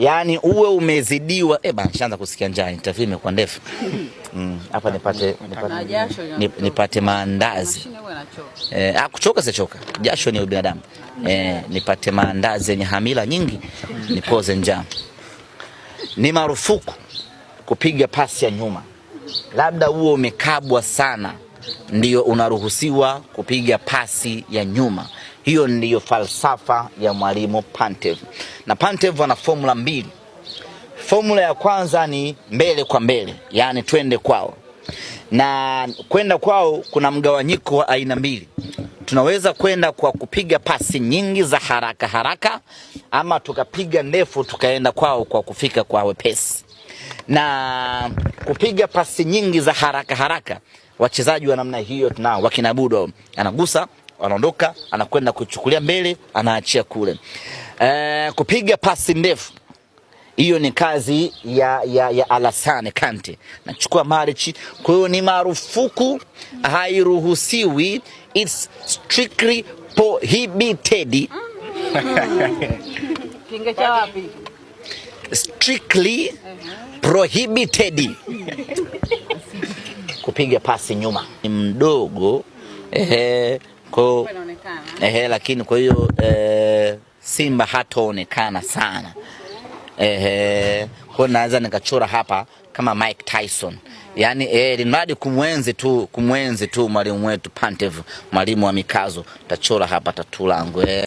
Yaani uwe umezidiwa eh, bana shaanza kusikia njaa, interview imekuwa ndefu. Mm, hapa nipate nipate, nipate, nipate maandazi. Eh, ah, kuchoka si choka. Jasho ni ubinadamu. Eh, nipate maandazi yenye hamila nyingi nipoze njaa. Ni marufuku kupiga pasi ya nyuma. Labda uwe umekabwa sana ndio unaruhusiwa kupiga pasi ya nyuma. Hiyo ndiyo falsafa ya mwalimu Pantev, na Pantev ana formula mbili. Formula ya kwanza ni mbele kwa mbele, yaani twende kwao, na kwenda kwao kuna mgawanyiko wa aina mbili. Tunaweza kwenda kwa kupiga pasi nyingi za haraka haraka, ama tukapiga ndefu tukaenda kwao kwa kufika kwa wepesi. Na kupiga pasi nyingi za haraka haraka, wachezaji wa namna hiyo tunao, wakina Budo anagusa anaondoka anakwenda kuchukulia mbele, anaachia kule. E, kupiga pasi ndefu hiyo ni kazi ya, ya, ya Alasane Kante, nachukua Marichi. Kwa hiyo ni marufuku, hairuhusiwi, it's strictly prohibited strictly prohibited kupiga pasi nyuma ni mdogo ehe. Kwa ehe, lakini kwa hiyo e, Simba hataonekana sana ehe, kwa naweza nikachora hapa kama Mike Tyson yaani eh, limradi kumwenzi tu kumwenzi tu mwalimu wetu Pantev, mwalimu wa mikazo. Tachora hapa tatu langu eh.